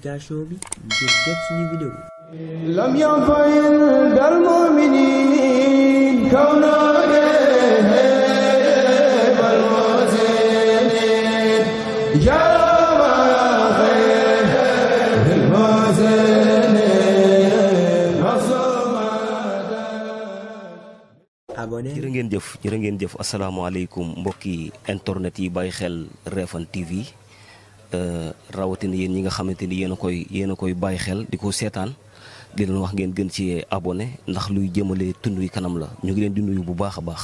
publication bi ngir jot suñu vidéo lam yanfa'il dal mu'minin kawnaa jërë ngeen jëf jërë ngeen jëf asalaamaaleykum mbokki internet yi bàyyi xel Refane TV Euh, rawatina yéen ñi nga xamante ni yéen a koy yéen a koy bàyyi xel di ko seetaan di leen wax ngeen gën ci abonné ndax luy jëmale tund wi kanam la ñu ngi leen di nuyu bu baax a baax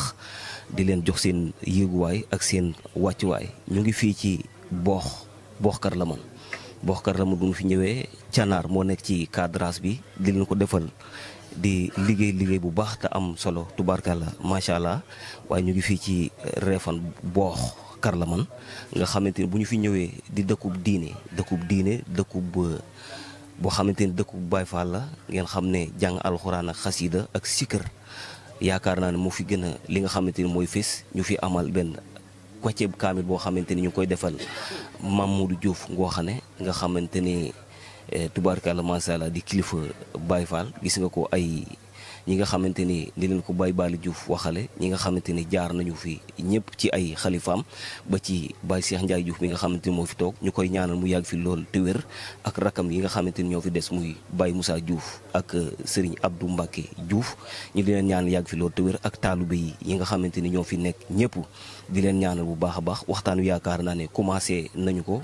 di leen jox seen yéeguwaay ak seen wàccuwaay ñu ngi fii ci boox booxkar la man booxkar la man bu ñu fi ñëwee canaar moo nekk ci cadrage bi di leen ko defal di liggéey liggéey bu baax te am solo tubaarkàlla macha allah waaye ñu ngi fii ci reefan boox yaakaar la man nga xamante ni bu ñu fi ñëwee di dëkkub diine dëkkub diine dëkkub euh, boo xamante ni dëkkub Baay Faal la ngeen xam ne jàng alxuraan ak xasiida ak sikkër yaakaar naa ne moo fi gën a li nga xamante ni mooy fés ñu fi amal benn wàcceeb kaamil boo xamante ni ñu koy defal ngoo xam ne nga xamante ni euh, tubaarkàlla macha allah di kilifa Baye Fall gis nga ko ay ñi nga xamante ni ni leen ko Baye Bali Diouf waxale ñi nga xamante ni jaar nañu fi ñëpp ci ay xalifaam ba ci Baye Cheikh Ndiaye Diouf mi nga xamante ni moo fi toog ñu koy ñaanal mu yàgg fi lool te ak rakam yi nga xamante ni ñoo fi des muy Baye Moussa Diouf ak euh, Serigne Abdou Mbacke juuf ñu di leen ñaanal yàgg fi lool te ak taalibe yi yi nga xamante ni ñoo fi nekk ñëpp di leen ñaanal bu baax a baax waxtaanu yaakaar naa ne commencé nañu ko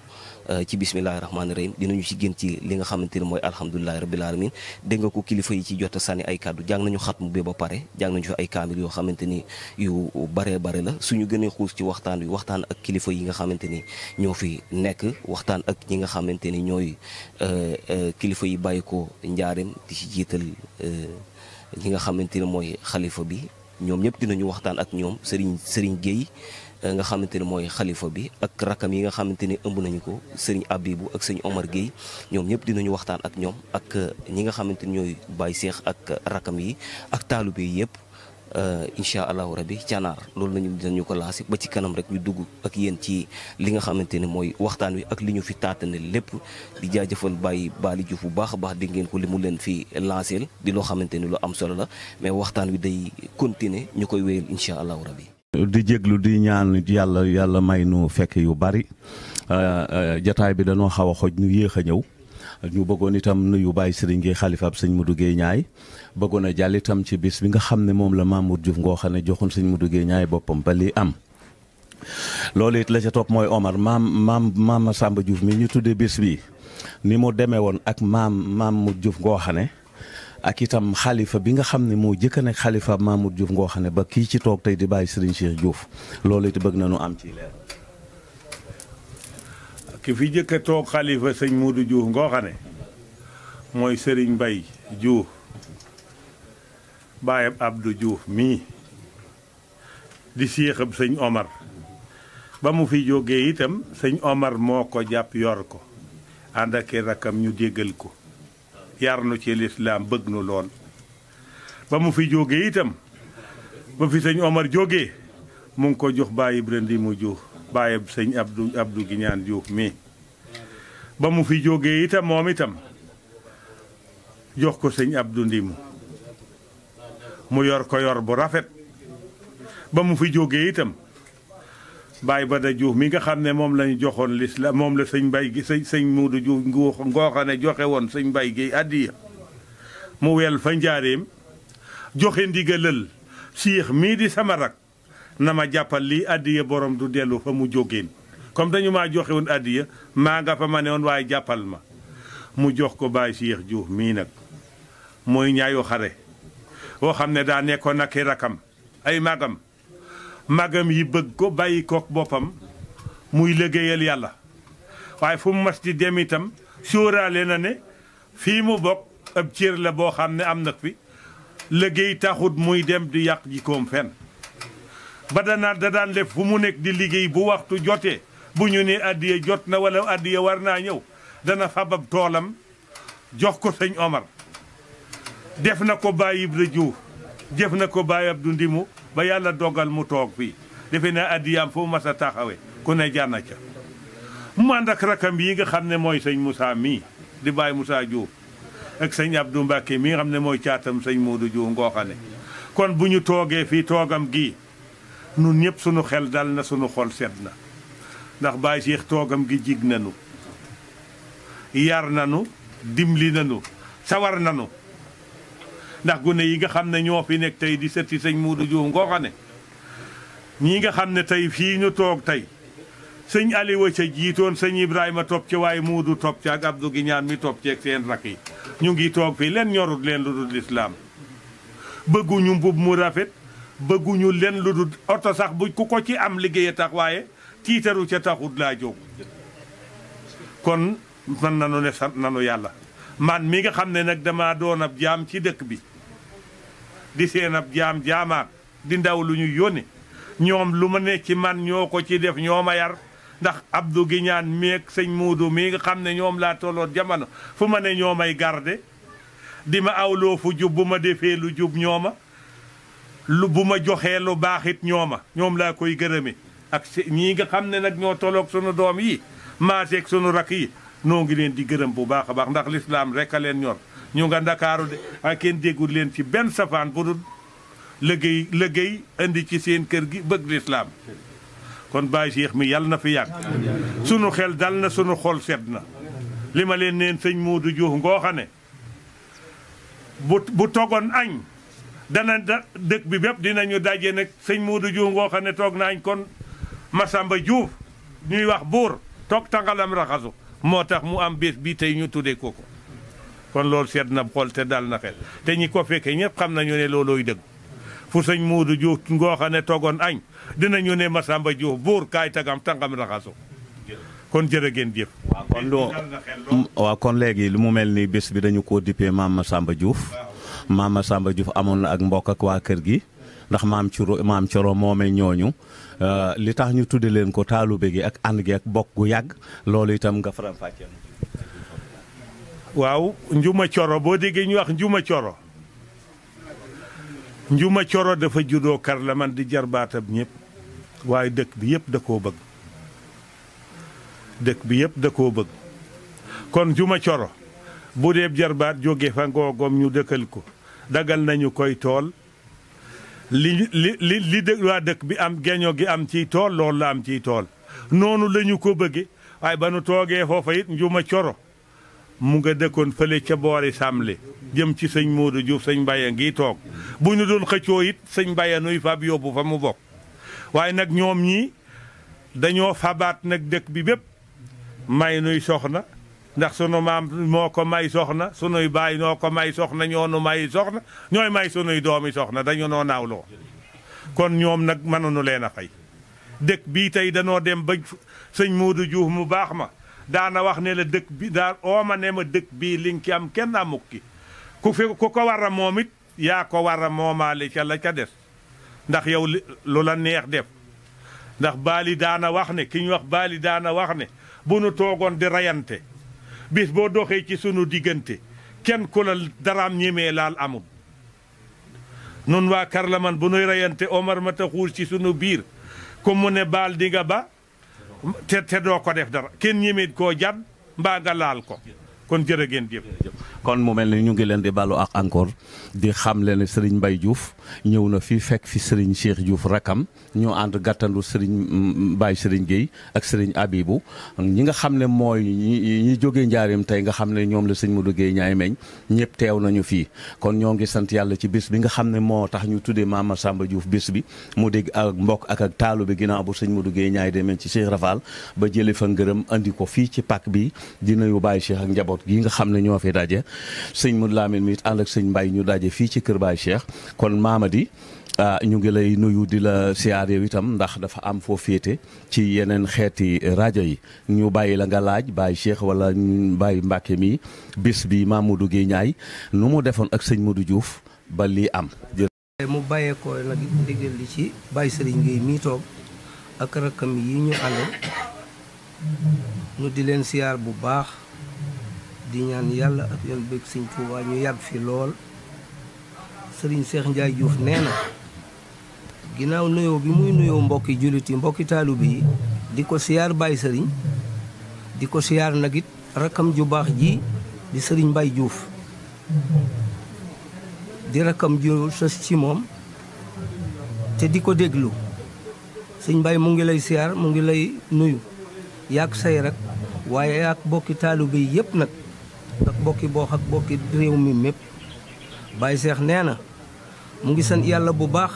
Euh, ci bismillahi rahmaani rahim dinañu ci génn ci li nga xamante ne mooy alhamdulilahi rabbil alamin dégg nga ko kilifa yi ci jot sànni ay kàddu jàng nañu xatmu bee ba pare jàng nañu ay kaamil yoo xamante ni yu bare bare la suñu gënee xuus ci waxtaan wi waxtaan ak kilifa yi nga xamante ni ñoo fi nekk waxtaan ak ñi nga xamante ni ñooy euh, euh, kilifa yi bàyyi ko njaareem di ci jiital ñi nga xamante ni mooy xalifa bi ñoom ñëpp dinañu waxtaan ak ñoom Serigne Serigne Gueye nga xamante ne mooy xalifa bi ak rakam yi nga xamante ne ëmb nañu ko sëriñ Abibu ak sëriñ Omar Guèye ñoom ñëpp dinañu waxtaan ak ñoom ak ñi nga xamante ni ñooy Baye Cheikh ak rakam yi ak taalu bi yëpp euh, incha allahu rabi canaar loolu lañu dinañu ko laasi ba ci kanam rek ñu dugg ak yéen ci li nga xamante ne mooy waxtaan wi ak li ñu fi taatane lépp di jaajëfal bàyyi baali Juuf bu baax a baax di ngeen ko li mu leen fi lanceel di loo xamante ni lu am solo la mais waxtaan wi day continuer ñu koy wéyal incha allahu rabi di jéglu di ñaan yàlla yàlla may nu fekk yu bari euh, euh, jataay bi dañoo xaw a xoj ñu yéex a ñëw ñu bëggoon itam nuyu bàyyi sëriñ gi xalifa ab sëñ Modou Guèye Ñaay bëggoon a jàll itam ci bis bi nga xam ne moom la Mamour Diouf ngoo xam ne joxoon sëñ Modou Guèye Ñaay boppam ba lii am loolu it la ca topp mooy Omar maam maam maam Samba Diouf mi ñu tuddee bis ni mu demee woon ak maam Mamour Diouf ngoo xam ak itam xalifa bi nga xam ne moo jëkk a nekk xalifa Mamour Diouf ngoo xam ne ba kii ci toog tey di bàyyi sëriñ Cheikh Diouf loolu it bëgg na nu am ci leer. ki fi jëkk a toog xalifa sëñ Modou Diouf ngoo xam ne mooy Serigne Mbaye Diouf baayam Abdou Diouf mii di séexab sëñ Omar ba mu fi jógee itam sëñ Omar moo ko jàpp yor ko ànd rakkam ñu déggal ko. yar nu ci lislaam bëgg nu loon ba mu fi jógee itam ba fi sëñ Omar jógee mu ngi ko jox Baye Ibrahima Diouf Baye sëñ Abdou Abdou Guignane Diouf mii ba mu fi jógee itam moom itam jox ko sëñ Abdou Ndimu mu yor ko yor bu rafet ba mu fi jógee itam baay ba da Diouf mi nga xam ne moom lañu joxoon lislam moom la sëñ Baye gi sëñ sëñ Muudu Diouf ngooxa ne joxe woon sëñ Baye gi addiya mu wel fa njaareem joxe ndigalal siix mii di sama rak na ma jàppal lii addiya boroom du dellu fa mu jógeen comme dañu maa joxe woon addiya maa nga fa ma ne woon waaye jàppal ma mu jox ko Baye Cheikh Diouf mii nag mooy ñaayu xare woo xam ne daa nekkoon ak i rakam ay magam magam yi bëgg ko bàyyi kook boppam muy liggéeyal yàlla waaye fu mu mas di dem itam sóoraale na ne fii mu bokk ab cër la boo xam ne am na fi liggéey taxut muy dem di yàq jikkoom fenn ba danaa da daan def fu mu nekk di liggéey bu waxtu jote bu ñu ne addiya jot na wala addiya war naa ñëw dana fabab toolam jox ko sëñ Omar def na ko Baye Ibra Diouf na ko Baye Abdou Ndimou ba yàlla dogal mu toog fii defe na addiyaam foo mas a taxawe ku ne jar na ca mu ànd ak rakam yi nga xam ne mooy sëñ Moussa mii di bàyyi Moussa Diouf ak sëñ Abdou Mbacke mii xam ne mooy caatam sëñ Modou Diouf ngooxane kon bu ñu toogee fii toogam gi nun ñëpp sunu xel dal na sunu xol sedd na ndax Baye Cheikh toogam gi jig nanu yar nanu dimli nanu sawar nanu ndax gune yi nga xam ne ñoo fi nekk tey di setti sëñ Modou Diouf ngooxa ne ñii nga xam ne tey fii ñu toog tey sëñ Aliou ca jiitoon sëñ Ibrahima topp ci waaye Modou topp ci ak Abdou Guignane mi topp ci ak seen rakk yi ñu ngi toog fii leen ñorut leen lu dul lislaam bëgguñu mbub mu rafet bëgguñu leen lu dul oto sax bu ku ko ci am liggéey tax waaye tiitaru ca taxut laa jóg kon man nanu ne sant nanu yàlla man mi nga xam ne nag dama doon ab jaam ci dëkk bi di seen ab jaam jaamaa di ndaw lu ñu yónni ñoom lu ma ne ci man ñoo ko ci def ñoo ma yar ndax Abdou Guignane meeg sëñ Muudu mii nga xam ne ñoom laa tolloot jamono fu ma ne ñoo may garde di ma awloo fu jub bu ma defee lu jub ñoo ma lu bu ma joxee lu baaxit it ñoo ñoom laa koy gërëme ak ñii nga xam ne nag ñoo tolloog sunu doom yi maaseeg sunu rak yi noo ngi leen di gërëm bu baax a baax ndax lislaam rek a leen ñor ñu nga ndakaaru de waaye kenn déggul leen ci benn safaan bu dul liggéey liggéey indi ci seen kër gi bëgg lislaam kon Baye Cheikh mi yàlla na fi yàgg sunu xel dal na sunu xol sedd na li ma leen neen sëñ Modou Diouf ngoo xane ne bu bu toggoon añ dana dëkk bi bépp dinañu daje nag sëñ Modou Diouf ngoo xam ne toog na añ kon Masamba Diouf ñuy wax buur toog tangalam raxasu moo tax mu am bés bi tey ñu tuddee ko ko kon loolu sedd na xool te dal na xel te ñi ko fekkee ñëpp xam nañu ne loolooy dëgg fu sëñ Muudu Juuf ngooxa ne toogoon añ dinañu ne Masamba Juuf buur kaay tagam tàngam raxasu kon jërë ngeen jëf. waaw kon loo kon léegi li mu mel ni bés bi dañu ko dippee maam ma Masamba Juuf maam ma Masamba Juuf amoon na ak mbokk ak waa kër gi ndax maam Coro maam Coro moomee ñooñu euh, li tax ñu tudde leen ko taalube gi ak ànd gi ak bokk gu yàgg loolu itam nga faram waaw njuma coro boo déggee ñu wax njuma coro njuma coro dafa juddoo kar la man di jarbaatam ñëpp waaye dëkk bi yëpp da koo bëgg dëkk bi yëpp da koo bëgg kon njuma coro bu dee jarbaat jóge fa ngoogom ñu dëkkal ko dagal nañu koy tool li li li li waa dëkk bi am geño gi am ciy tool loolu la am ciy tool noonu lañu ko bëgge waaye ba nu toogee foofa it njuma coro mu nga dëkkoon fële ca boori Samle jëm ci sëñ Modou Diouf sëñ Mbaye ngi toog bu ñu doon xëccoo it sëñ Mbaye nuy fab yóbbu fa mu bokk waaye nag ñoom ñii dañoo fabaat nag dëkk bi bépp may nuy soxna ndax sunu maam moo ko may soxna sunuy baay noo ko may soxna ñoo nu may soxna ñooy may sunuy doomi soxna dañu noo naawloo kon ñoom nag mënuñu leen a fay dëkk bii tey danoo dem ba sëñ Modou Diouf mu baax ma daana wax ne la dëkk bi daa ooma ne ma dëkk bii li nga ki am kenn amuk ku fi ku ko war a moom it yaa ko war a moomaale ca la ca des ndax yow lu la neex def ndax baali daana wax ne ki ñu wax baali daana wax ne bu nu toogoon di rayante bis boo doxee ci sunu diggante kenn ku la daraam ñemee laal amul nun waa Karlaman bu nuy rayante Omar ma ci sunu biir comme ne baal di ba te te doo ko def dara kenn ñemee koo jàdd mbaa nga laal ko kon jërë ngeen jëf kon mu mel ni ñu ngi leen di baalu ak encore di xam leen ne Serigne mbay Diouf ñëw na fii fekk fi Serigne Cheikh Diouf rakam ñu ànd gàttandu Serigne Mbaye Serigne géey ak Serigne Abibou ñi nga xam ne mooy ñi jógee njaarim tey nga xam ne ñoom la Serigne mu duggee ñaay meñ ñëpp teew nañu fii kon ñoo ngi sant yàlla ci bis bi nga xam ne moo tax ñu tuddee Mama Samba Diouf bés bi mu dégg ak mbokk ak ak taalu bi ginnaaw bu Serigne Modou Gueye ñaay demee ci Cheikh Rafal ba jëlee fa ngërëm andi ko fii ci pak bi dina yu bàyyi Cheikh ak njaboot gi nga xam ne ñoo fi daje sëñ mu Lamine mi it ànd ak sëñ Mbaye ñu daje fii ci kër Baye seex kon Mamady ah, ñu ngi lay nuyu di la siyaar yow itam ndax dafa am foo féete ci yeneen xeeti rajo yi ñu bàyyi la nga laaj Baye Cheikh wala bàyyi Mbacke mi bis bi mu Guèye Ndiaye nu mu defoon ak sëñ Modou juuf ba lii am. mu bàyyeekoo nag ndigal li ci Baye Serigne Guèye mii toog ak rakkam yi ñu àndal ñu di leen siyaar bu baax. di ñaan yàlla ak yoon bëgg sëñ Tuubaa ñu yàgg fi lool sëriñ Seex Njaay Juuf nee na ginnaaw nuyoo bi muy nuyoo mbokki jullit yi mbokki taalibe yi di ko siyaar Baay sëriñ di ko siyaar nag it rakkam ju baax ji di sëriñ Mbaye juuf di rakkam ju sos ci moom te di ko déglu sëñ Mbaye mu ngi lay siyaar mu ngi lay nuyu yàq say rek waaye yàgg bokki taalu bi yëpp nag bokki bo xak bokki rew mi mepp bàyyi cheikh neena mu ngi sant yalla bu baax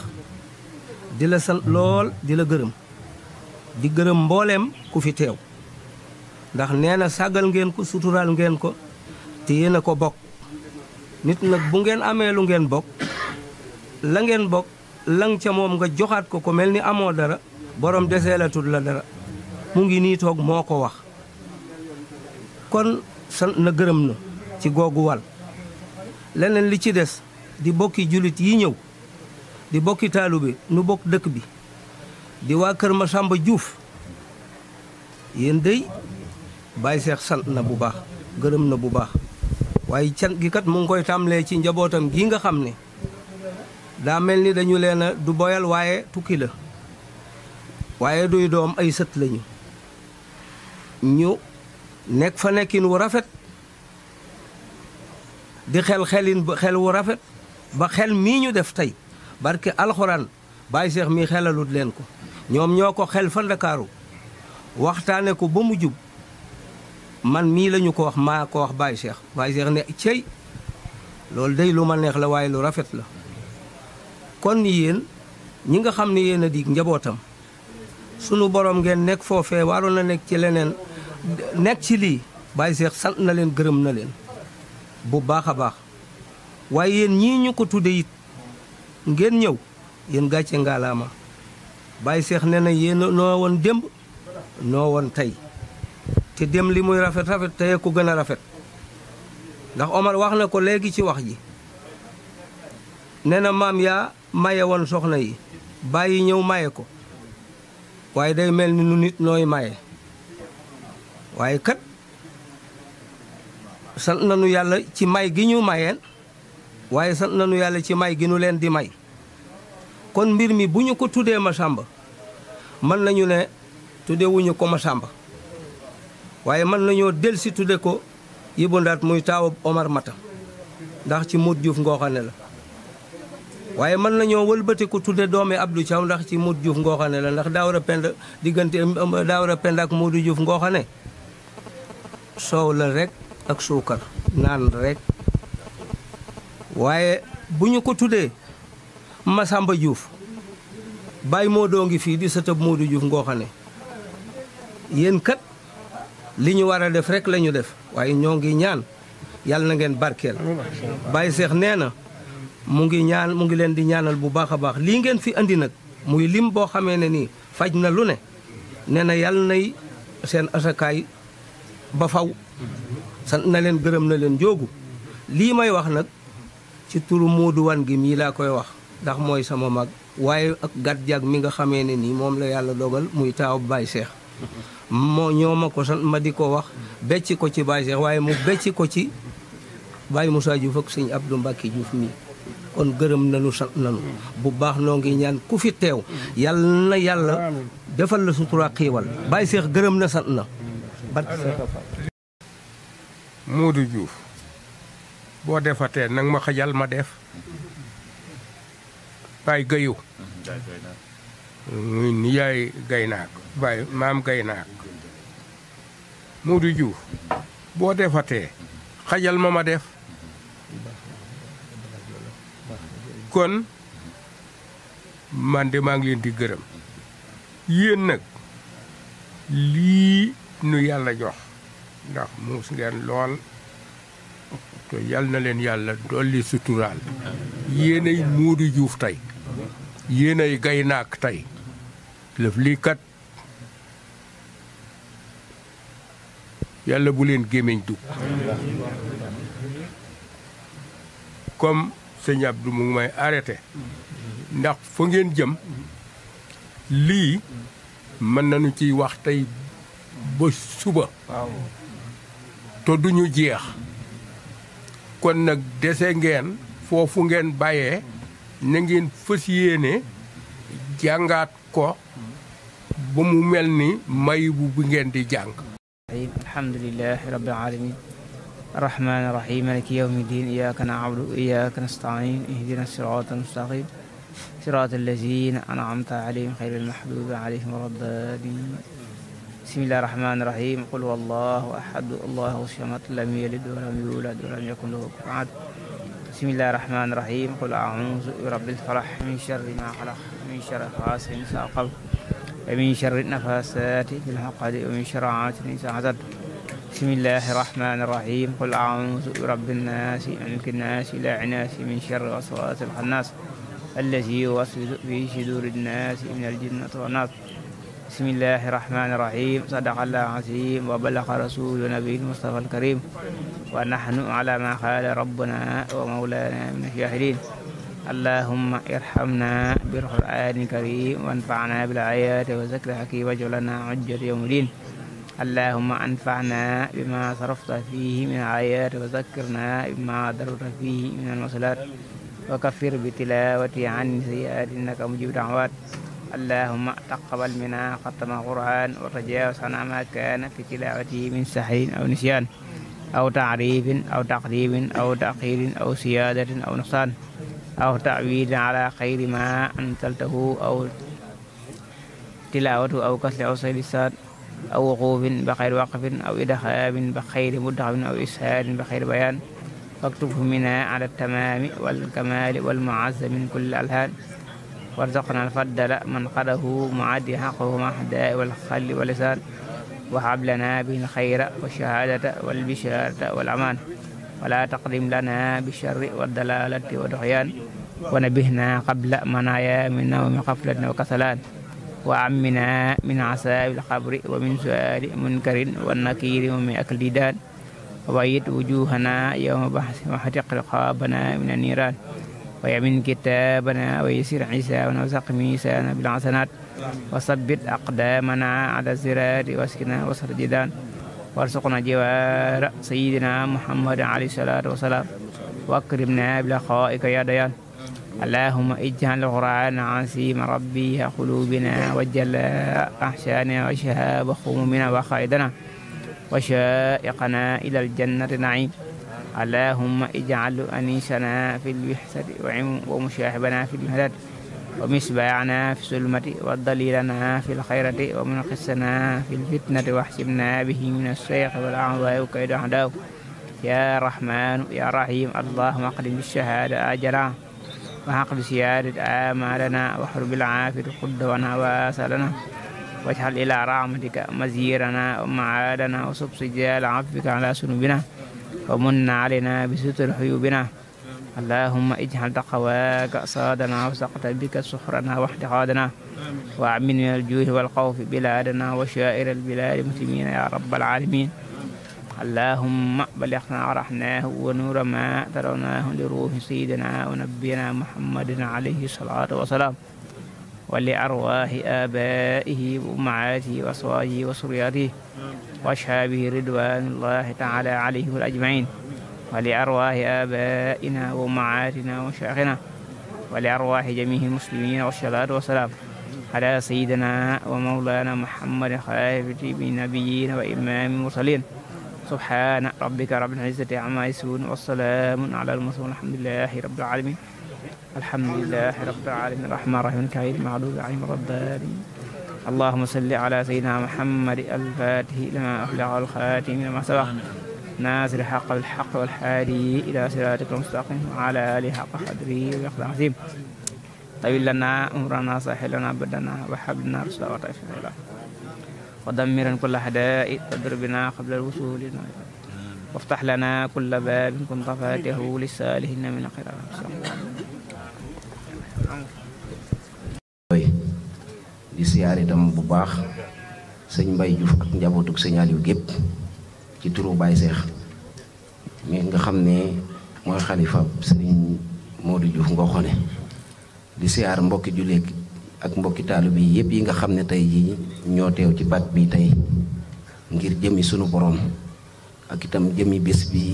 dila san lol dila di di geureum mbollem ku fi tew ndax neena sagal ngeen ko sutural ngeen ko te ko bok nit nak bu ngeen amé lu ngeen bok la ngeen bok lang ca mom nga joxat ko ko melni ni dara borom deseelatul la dara mu ngi ni tok moko wax kon sant na geureum na ci googu wal leneen li ci des di bokki julit yi ñëw di bokki taalibe nu bokk dëkk bi di waa kër Masamba Juuf yéen dey Baye sant na bu baax gërëm na bu baax waaye can gi kat mu ngi koy tàmbalee ci njabootam gi nga xam ne daa mel ni dañu leen a du boyal waaye tukki la waaye duy doom ay sët lañu ñu nekk fa nekkin wu rafet di xel xelin xel wu rafet ba xel mii ñu def tey barke alxuraan Baye Cheikh mii xelalut leen ko ñoom ñoo ko xel fa Ndakaaru waxtaane ko ba mu jub man mii lañu ko wax maa ko wax Baye Cheikh Baye Cheikh ne cey loolu day lu ma neex la waaye lu rafet la kon yéen ñi nga xam ne yéen a di njabootam sunu borom ngeen nekk foofee waroon na nekk ci leneen nekk ci lii Baye Cheikh sant na leen gërëm na leen bu baax a baax waaye yéen ñii ñu ko tudde it ngeen ñëw yéen gàcce ngaalaama bàyyi seex ne na yéen noo won démb noo won tey te dem li muy rafet rafet tey ko gën a rafet ndax Omar wax na ko léegi ci wax ji nee na maam yaa maye woon soxna yi bàyyi ñëw maye ko waaye day mel ni nu nit nooy maye waaye kat sant nañu yàlla ci may gi ñu mayeen waaye sa nañu yàlla ci may gi ñu leen di may kon mbir mi bu ñu ko tuddee Masamba mën nañu ne tuddewuñu ko Masamba waaye mën nañoo del si tudde ko Ibou Ndaat muy taawub Omar Matam ndax ci Modou Diouf Ngooxane la waaye mën nañoo wëlbati ko tudde doomi Abdou Thiaw ndax ci Modou Diouf Ngooxane la ndax Daawara pend diggante Daawara Penda ak Modou Diouf Ngooxane soow la rek ak suukar naan rek waaye bu ñu ko tuddee Masamba baay moo doo ngi fii di sëtëb Modou Diouf ngoo xam ne yéen kat li ñu war a def rek lañu def waaye ñoo ngi ñaan yàlla na ngeen barkeel Baye Cheikh nee na mu ngi ñaan mu ngi leen di ñaanal bu baax a baax lii ngeen fi indi nag muy lim boo xamee ne nii faj na lu ne nee na yàlla nay seen asakaay ba faw sant na leen gërëm na leen joogu lii may wax nag ci turu Modou gi mii laa koy wax ndax mooy sama mag waaye ak gàtt jaag mi nga xamee ne nii moom la yàlla dogal muy taaw Baye Cheikh moo ñoo ma ko sant ma di ko wax becc ko ci Baye waaye mu becc ko ci Baye musaa Diouf siñ ab Abdou Mbacke Diouf mii kon gërëm nañu sant nañu bu baax noo ngi ñaan ku fi teew yàll na yàlla defal la sutura xiiwal Baye Cheikh gërëm na sant na Modou Diouf boo defatee nag ma xajal ma def Baye Gayu muy nijaay gaynaak Baye maam gaynaak Modou Diouf boo defatee xajal ma ma def kon man de maa ngi leen di gërëm yéen nag lii nu yàlla jox ndax muus ngeen lool te yal na leen yàlla dolli suturaal yéenay muudu juuf tey yéenay gay tey lëf lii kat yàlla bu leen gémmiñ dugg comme sëñ Abdou mu may arrêté ndax fa ngeen jëm lii mën nañu ciy wax tey ba suba te duñu jeex kon nag dese ngeen foofu ngeen bàyyee na ngeen fës yéene jàngaat ko ba mu mel ni mayibu bi ngeen di jàng alhamdulilah rabbil alamin الرحمن الرحيم مالك يوم الدين إياك نعبد وإياك نستعين اهدنا الصراط المستقيم صراط الذين أنعمت عليهم خير المحبوب عليهم ولا الضالين بسم الله الرحمن الرحيم قل هو الله أحد الله الصمد لم يلد ولم يولد ولم يكن له كفوا أحد بسم الله الرحمن الرحيم قل أعوذ برب الفلح من شر ما خلق من شر حاسد إذا وقب ومن شر النفاسات في العقد ومن شر عاتل إذا حسد بسم الله الرحمن الرحيم قل أعوذ برب الناس ملك الناس إلى عناس من شر وسواس الخناس الذي يوسوس في صدور الناس من الجنة والناس بسم الله الرحمن الرحيم صدق الله العظيم وبلغ رسول نبي المصطفى الكريم ونحن على ما قال ربنا ومولانا من الشاهدين اللهم ارحمنا بالقرآن الكريم وانفعنا بالآيات وذكر الحكيم وجعلنا حجة يوم الدين اللهم أنفعنا بما صرفت فيه من آيات وذكرنا بما ضررت فيه من المصلات وكفر بتلاوتي عن سيئات إنك مجيب دعوات اللهم تقبل منا ختم القرآن والرجاء وصنع ما كان في تلاوته من سحر أو نسيان أو تعريف أو تقديم أو تأخير أو سيادة أو نقصان أو تعويض على خير ما أنزلته أو تلاوته أو كسل أو سيلسان أو وقوف بخير وقف أو إدخاب بخير مدخل أو إسهال بخير بيان فاكتبه منا على التمام والكمال والمعز من كل الألهان وارزقنا الفرد لا من قده معادي حقه مع والخل واللسان وهب لنا به الخير والشهادة والبشارة والأمان ولا تقدم لنا بالشر والدلالة والعصيان ونبهنا قبل منايا من نوم قفلة وكسلان وعمنا من عساب القبر ومن سؤال منكر والنكير ومن أكل ديدان وبيت وجوهنا يوم بحث وحرق رقابنا من النيران ويمن كتابنا ويسر عيسى وسق ميسانا بالحسنات وثبت أقدامنا على الزرار واسكنا وسط الجدال وارزقنا جوار سيدنا محمد عليه الصلاة والسلام واكرمنا بلقائك يا ديان اللهم اجعل القرآن عصيم ربي قلوبنا وجل أحشانا وشهاب خمومنا وخائدنا وشائقنا إلى الجنة نعيم اللهم اجعل أنيسنا في الوحدة ومشاحبنا في المهدد ومسبعنا في السلمة والضليلنا في الخيرة ومنقصنا في الفتنة واحسبنا به من الشيخ والأعضاء وكيد أعداؤه يا رحمن يا رحيم اللهم أقدم بالشهادة أجرا وحق بسيادة آمالنا وحرب العافية قدونا واسلنا واجعل إلى رحمتك مزيرنا ومعادنا وصب سجال عفوك على سنوبنا ومن علينا بستر عيوبنا اللهم اجعل تقواك صادنا وسقط بك سحرنا واحتقادنا وأمن من الجوع والخوف بلادنا وشائر البلاد المسلمين يا رب العالمين اللهم بلغنا رحناه ونور ما تروناه لروح سيدنا ونبينا محمد عليه الصلاة والسلام ولأرواح آبائه وأمهاته وأصواته وسرياته وأشهابه رضوان الله تعالى عليهم الأجمعين ولأرواح آبائنا وأمهاتنا ومشايخنا ولأرواح جميع المسلمين والصلاة والسلام على سيدنا ومولانا محمد خاتم النبيين وإمام المرسلين سبحان ربك رب العزة عما يصفون والسلام على المرسلين الحمد لله رب العالمين الحمد لله رب العالمين الرحمن الرحيم الكريم المعلوم العليم الرباني اللهم صل على سيدنا محمد الفاتح لما أخلق الخاتم لما سبق نازل حق الحق والحادي إلى صراطك المستقيم وعلى آله حق قدره ويقضى عظيم طيب لنا أمرنا صحيح لنا بدنا وحب لنا رسلا وطائفنا ودمرا كل حدائق بنا قبل الوصول وافتح لنا كل باب كنت فاتحه للسالحين من قراءة Gitu di siyaar itam bu baax sëñ Mbay Juuf ak njabootug sëñ Aliou gep ci turu bay cheikh mi nga xamne moy khalifa xalifa modou juuf nga xone di siar mbokki jullit ak mbokki talibi yep yi nga xamne tay ji jii ñoo ci bat bi tay ngir jëmi sunu borom ak itam jëmi bes bi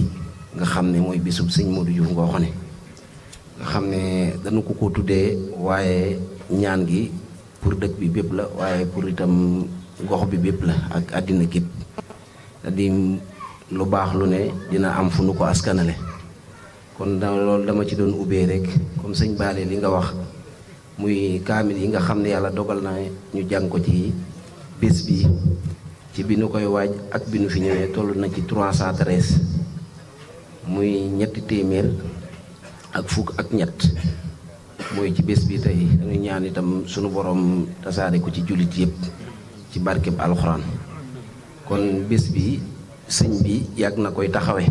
nga xamne moy bisub bésub modou Modou nga xone nga xamne dañu ko ko tuddé waye ñaan gi pour dëkk bi bépp la waaye pour itam gox bi bépp la ak àddina gépp di lu baax lu ne dina am fu nu ko askanale kon da loolu dama ci doon ubbee rek comme sëñ Baale li nga wax muy kaamil yi nga xam ne yàlla dogal na ñu jàng ko ci bés bi ci bi nu koy waaj ak bi nu fi ñëwee toll na ci 313 muy ñetti téeméer ak fukk ak ñett mooy ci bés bi tey dañuy ñaan itam sunu boroom tasaare ko ci jullit yëpp ci barkeb alxuraan kon bés bi sëñ bi yàgg na koy taxawe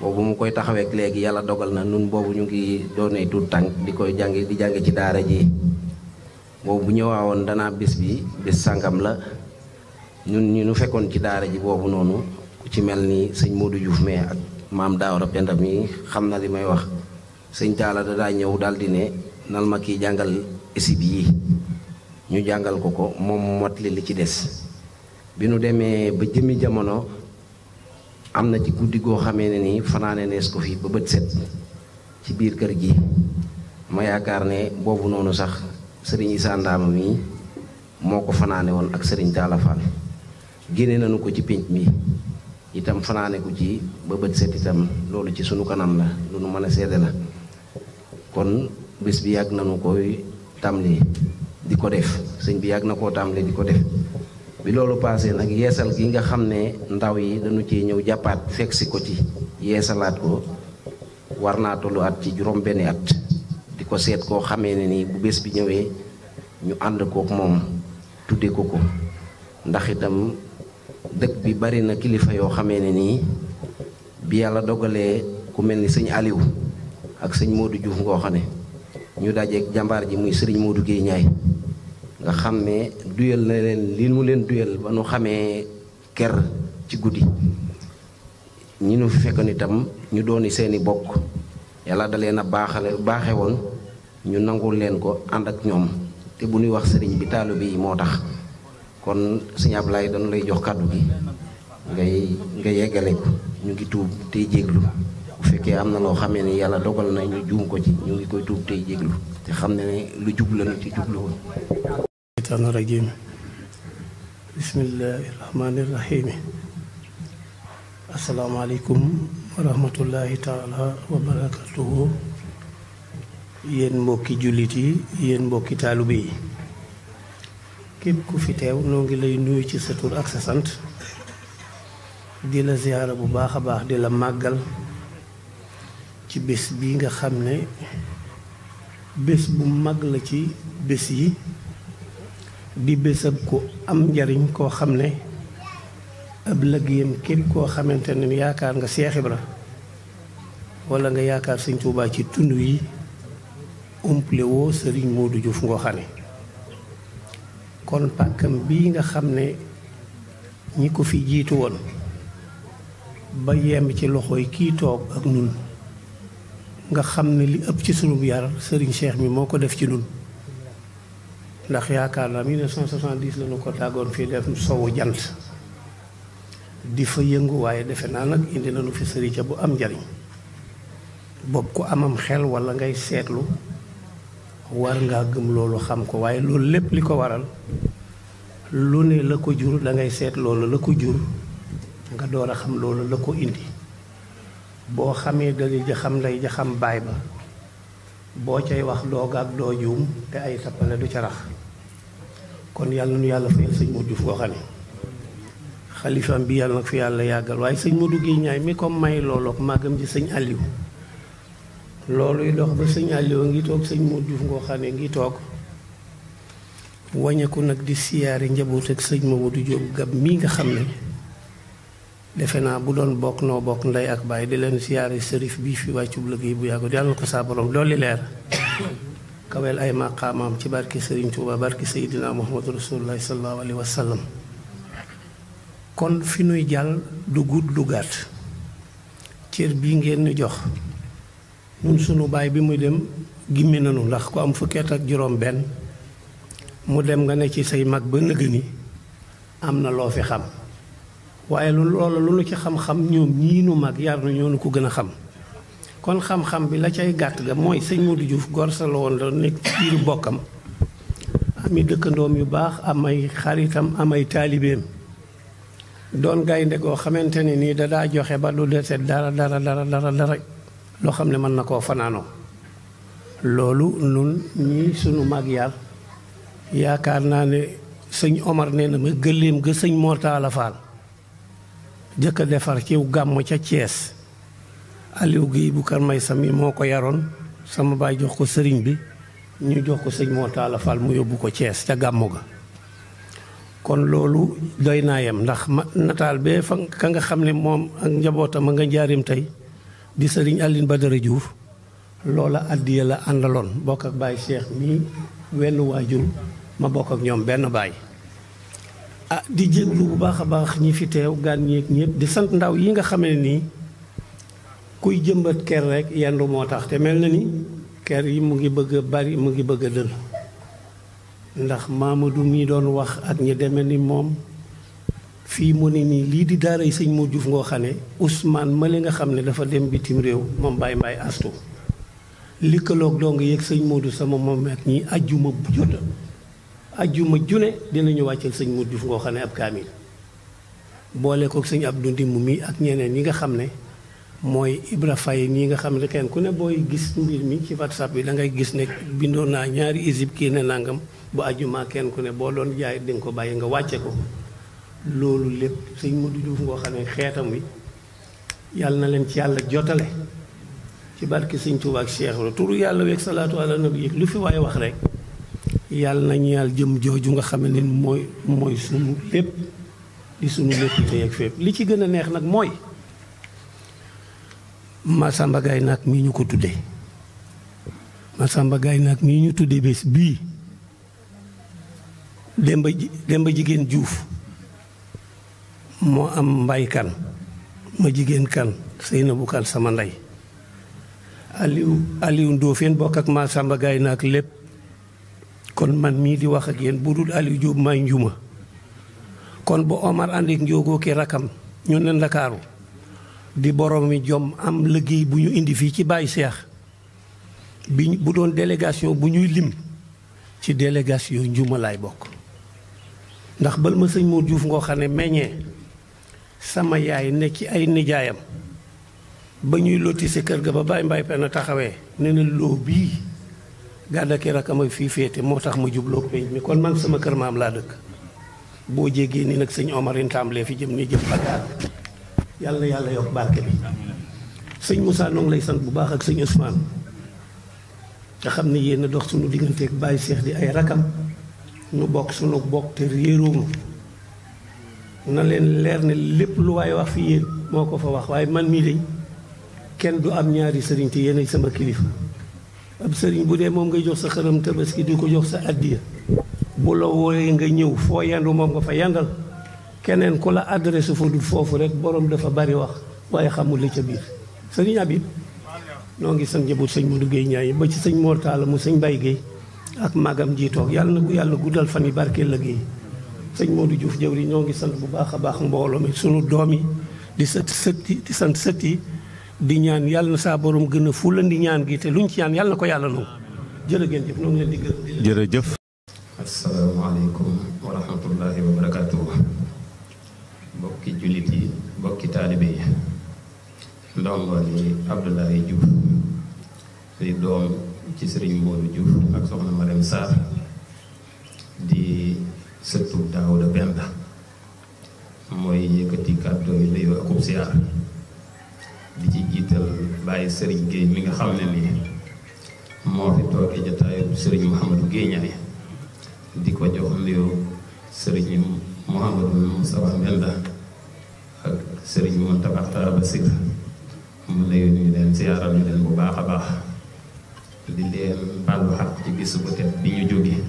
boobu mu koy taxaweek léegi yàlla dogal na nun boobu ñu ngi doon doonee tuut tànk di koy jàngi di jàngi ci daara ji boobu bu ñëwaawoon dana bés bi bés sàngam la ñun ñu nu fekkoon ci daara ji boobu noonu ku ci mel ni sëñ Modou Diouf mais ak maam Daawara Penda mi xam na li may wax sëñ Talla dadaa ñëw daal di ne nal ma kii jàngal isib yi ñu jàngal ko ko moom motli li ci des bi nu demee ba jëmi jamono am na ci guddi goo xamee ne ni fanaane nees ko fi ba bët set ci biir kër gi ma yaakaar ne boobu noonu sax sëriñ Issa Ndaama mi moo ko fanaane woon ak sëriñ Talla génne nañu ko ci pinc mi itam fanaane ko ci ba bët set itam loolu ci sunu kanam la lu nu mën a seede la kon bés bi yàgg nañu koy tàmbali di ko def sëñ bi yàgg na koo tàmbali di ko def bi loolu paasee nag yeesal gi nga xam ne ndaw yi dañu ci ñëw jàppaat fekk si ko ci yeesalaat ko war naa tollu at ci juróom benni at di ko seet koo xamee ne nii bu bés bi ñëwee ñu ànd ko moom tudde ko ko ndaxitam dëkk bi bari na kilifa yoo xamee ne nii bi yàlla dogalee ku mel ni sëñ Aliou ak sëñ Modou Diouf ngo xane ne ñu dajeeg jambar ji muy sëriñ Modou Guèye Ndiaye nga xamé duyel na len li mu len duyel ba nu xamé ker ci nyinu ñi nu fekkoon tam ñu doni seeni bokk yalla dalena baxale baxé won ñu nangul len ko and ak ñom te bu ñu wax bi taalibe yi kon sëñ Ablaye dañu lay jox kaddu gi ngay ngay yegalé ko ñu ngi tuub té jéglu fekke amna lo xamé ni yalla dogal na ñu juum ko ci ñu ngi koy tuub tay jéglu té xamné ni lu jub la ci jublu woon shaytaan rajim bismillahi rahmani rahimi asalaamaaleykum wa rahmatullahi taala wa barakatuhu yéen mbokki jullit yi yéen mbokki taalibe yi képp ku fi tew no ngi lay nuyu ci sa tur ak sa sante di la ziyaara bu baax baax di la màggal ci bés bi nga xam ne bés bu mag la ci bés yi di bésab ku am njariñ koo xam ne ab lëggéeyam kenn koo xamante ne yaakaar nga Seex Ibra wala nga yaakaar Sëñ Tuubaa ci tund yi umple woo Sëriñ Moodu Juuf Ngoxane kon pàkkam bii nga xam ne ñi ko fi jiitu woon ba yem ci loxoy kii toog ak ñun nga xam ne li ëpp ci sunub yar sëriñ Cheikh mi moo ko def ci nun ndax yaakaar naa 1970 la ñu ko tàggoon fii def sowu jant di fa yëngu waaye defe naa nag indi nañu fi sëriñ ca bu am njariñ boobu ku amam xel walla ngay seetlu war ngaa gëm loolu xam ko waaye loolu lépp li ko waral lu ne la ko jur da ngay seet loolu la ko jur nga door a xam loolu la ko indi boo xamee dali ja xam lay ja xam baay ba boo cay wax doo gàgg doo te ay tappale du ca rax kon yàlla nu yàlla fa sëñ Modou Diouf koo xam ne xalifam bi yàlla nag fi yàggal waaye sëñ Modou Guèye Ndiaye mi ko may loolu ak màggam ji sëñ Aliou looluy dox ba sëñ Aliou ngi toog sëñ Modou Diouf ngoo xam ne ngi toog wañeeku nag di siyaare njaboot ak sëñ Mamadou Diop gab mii nga xam ne defena bu doon bok no bok nday ak bay di len siyaare serif bi fi waccu bu bu yago yalla ko sa borom dolli leer kawel ay maqamam ci barki serigne touba barki sayidina muhammad rasulullah sallallahu alaihi wasallam kon fi nuy jall du gud du gat cier bi ngeen jox nun sunu bay bi muy dem gimmi nanu ndax ku am fukkeet ak juróom ben mu dem nga ne ci say mag ba neugani amna lo fi xam waaye lu loola lu nu ci xam-xam ñoom ñii nu mag yar na ñoo nu ko gën a xam kon xam-xam bi la cay gàtt ga mooy sëñ Modou Diouf gor sa la woon la nekk biiru bokkam ami dëkkandoom yu baax am ay xaritam am ay taalibeem doon gaynde goo xamante ne nii da joxe ba du dese dara dara dara dara dara loo xam ne mën na koo fanaanoo loolu nun ñii sunu mag yar yaakaar naa ne sëñ Omar nee na ma gëléem ga sëñ Mortala jëkk a defar ciw gàmmu ca Thiès Aliou Guèye bu Kër Maysa mi moo ko yaroon sama baay jox ko sëriñ bi ñu jox ko sëñ moo taala Fall mu yóbbu ko Thiès ca gàmmu ga kon loolu doy naa yem ndax ma nataal bee fa ka nga xam ne moom ak njabootam a nga njaarim tey di sëriñ Aline Badara Diouf loola addiya la àndaloon bokk ak baay Cheikh mii wenn waajur ma bokk ak ñoom benn baay Ah, di jéglu bu baax a baax ñi fi teew gaan ñeeg ñëpp di sant ndaw yi nga xamé ni kuy jëmbat ker rek yendu moo tax te mel na ni ker yi mu ngi bëgg bari mu ngi bëgg dël ndax mamadou mi doon wax ak ñi démé ni moom fi mu ni ni lii di daaray sëñ mu juuf ngoo xam ne ousmane male nga xam ne dafa dem bitim réew moom bay astu likkaloog dong yeeg sëñ modou sama moom ak ñi ajjuma bu ajjuma dina ñu wàcceel sëñ Modou Diouf ngoo xam ne ab kaamil boole ko sëñ Abdou Ndimu mi ak ñeneen yi nga xam ne mooy Ibra Faye ñi nga xam ne kenn ku ne booy gis mbir mi ci WhatsApp bi da ngay gis ne bindoon naa ñaari isib kii ne nangam bu ajjuma kenn ku ne boo doon jaay di ko bàyyi nga wàcce ko loolu lépp sëñ Modou Diouf ngoo xam ne xeetam wi yàlla na leen ci yàlla jotale ci barke sëñ Tuubaa ak Cheikh la turu yàlla weeg salaatu ala nabi lu fi waaye wax rek yàlla nañu yàlla jëm jooju nga xam ni mooy mooy sunu lépp di sunu lépp tey ak fépp li ci gën a neex nag mooy Massamba Gaye nag mii ñu ko tuddee Massamba Gaye nag mii ñu tudde bés bii Demba Demba jigéen Juuf moo am mbay kan ma jigéen kan sëy na bu kan sama ndey Aliou Aliou Ndofène bokk ak Massamba Gaye nag lépp kon man mi di wax ak yeen bu dul Aliou may njuma kon bu Omar anding jogo ki rakam ñu la karu di borom mi jom am liggey bu ñu indi fi ci Baye Cheikh bi bu doon délégation bu ñuy lim ci délégation njuma lay bok ndax bal ma seigne moo juuf ngoo xam ne sama yaay ne ci ay nijaayam ba ñuy lotti kër ga ba baye mbaay pena taxawé ne na loo bi gàddaki rakama fi fete moo tax ma jubloo pénc mi kon man sama keur mam la dekk bo jéggee ni nak seigne Omar le, fi jëm ni jëm bagaar yalla yalla yok barke bi seigne Moussa nong lay sant bu baax ak seigne Ousmane xamni yeen dox sunu digante ak baye cheikh di ay rakam nu bok sunu bok te réeróom na len leer ne lepp lu way wax fi yeen moko fa wax waye man mi de ken du am ñaari serigne te sama kilifa ab sëriñ bu dee moom ngay jox sa xaram tabaski di ko jox sa addiya bu la wooyee nga ñëw foo yandu moom nga fa yandal keneen ku la adresse fa dul foofu rek borom dafa bari wax waaye xamul li ca biir sëriñ Habib noo ngi sant njaboot sëñ Modou Guèye ñaay ba ci sëñ Mor mu sëñ bay Guèye ak magam ji toog yàlla na ko yàlla guddal fan yi barkeel la Guèye sëñ Modou juuf jëwri ñoo ngi sant bu baax a baax mbooloo mi sunu doom yi di sët sët di sant sët yi di ñaan yàlla na saa borom gën a fulandi ñaan gi te luñ ci ñaan yàlla na ko yàlla nangu jërë ngeen jëf ñoo ngi leen di gërëm. jërëjëf. asalaamaaleykum wa rahmatullahi wa barakaatu. mbokki jullit yi mbokki taalibe yi. ndongo li Abdoulaye Diouf. di doom ci sëriñ Mboodu Diouf ak soxna Marème Sarr. di sëttu Daawuda Penda. mooy yëkkati kàddu yi nuyoo akub siyaar di ci jiital baye Serigne Gueye mi nga xamne ni mo fi toogee jotaay Serigne mohammed Gueye ñane di ko jox nuyoo Serigne mohammed musa Mbenda ak Serigne Mountakha Talla Bassir mu nuyu ñu leen siyaaral ñu leen bu baaxa baax di leen balu xaq ci bis bu tet bi ñu joggé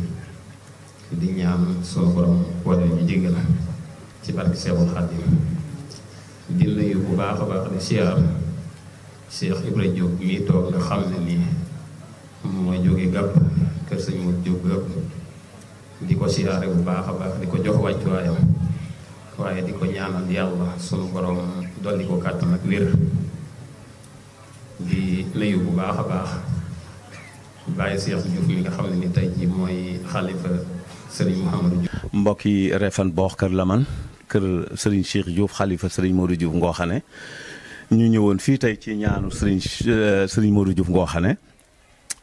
di ñaan so borom wala ñu jéggal ci barki Seexul khadim di nuyu bu baax a baax di siyaar Cheikh Ibrahima Diop mii toog nga xam ne nii mooy jóge gàpp kër sëñ mu jóg di ko siyaare bu baax a baax di ko jox wàccuwaayam waaye di ko ñaanal yàlla sunu borom dolli ko kàttan ak wér di nuyu bu baax a baax bàyyi Cheikh Diouf mi nga xam ne ni tey jii mooy xalifa Serigne Mouhamadou Diouf mbokk yi Refane la man kër Serigne Cheikh Diouf xalifa Serigne Modou Diouf Ngooxane ñu ñëwoon fii tey ci ñaanu Serigne euh, Serigne Modou Diouf Ngooxane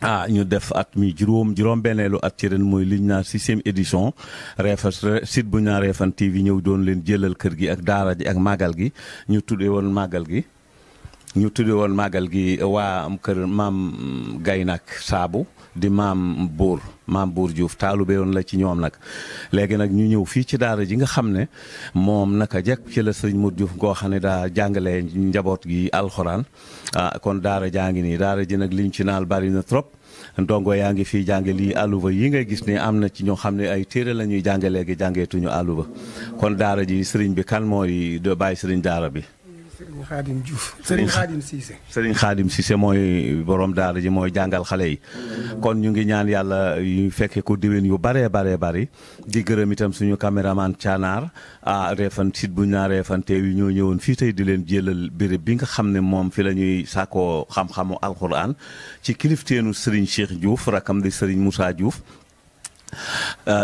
ah ñu def at mi juróom juróom benneelu at ci ren mooy liñ naa sixième édition Refane site bu ñaa Refane TV ñëw doon leen jëlal kër gi ak daara ji ak màggal gi ñu tuddee woon màggal gi ñu tudde woon màggal gi waa kër maam Gaynak Saabu di maam Buur maam Buur Diouf taalube woon la ci ñoom nag léegi nag ñu ñëw fii ci daara ji nga xam ne moom naka jekk ci la sëñ Mur Diouf ngoo xam ne daa jàngale njaboot gi alxuraan ah, kon daara jaa ngi nii daara ji nag liñ ci naal bari na trop ndongo yaa ngi fii jànge lii aluba yi ngay gis ni am na ci ñoo xam ne ay téere la ñuy jànge léegi jàngeetuñu aluba kon daara ji sëriñ bi kan mooy bàyyi sëriñ daara bi Serigne Khadim Diouf Serigne Khadim Cissé. Serigne mooy borom daara ji mooy jàngal xale yi. kon ñu ngi ñaan yàlla yu fekkee ko déwén yu baree baree bari. di gërëm itam suñu caméraman Thianar ah bu ñu naan Réfane yi ñoo ñëwoon fii tey di leen jëlal béréb bi nga xam ne moom fi la ñuy sàkkoo xam-xamu alxuraan ci kilifteenu Serigne Cheikh Diouf rakam di Serigne Moussa Diouf.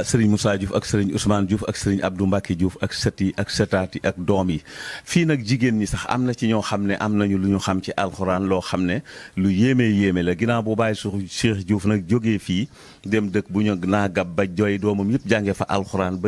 serigne Moussa Diouf ak serigne Ousmane Diouf ak serigne Abdou Mbacke Diouf ak sët ak setati ak domi fi nak jigen ñi sax amna ci ñoo xamne ne am nañu xam ci alcorane lo xamne lu yeme yeme la ginaa bu baye Cheikh Diouf nak joge fi dem dëkk bu ñu naa gab ba joy domum yep jange fa alcorane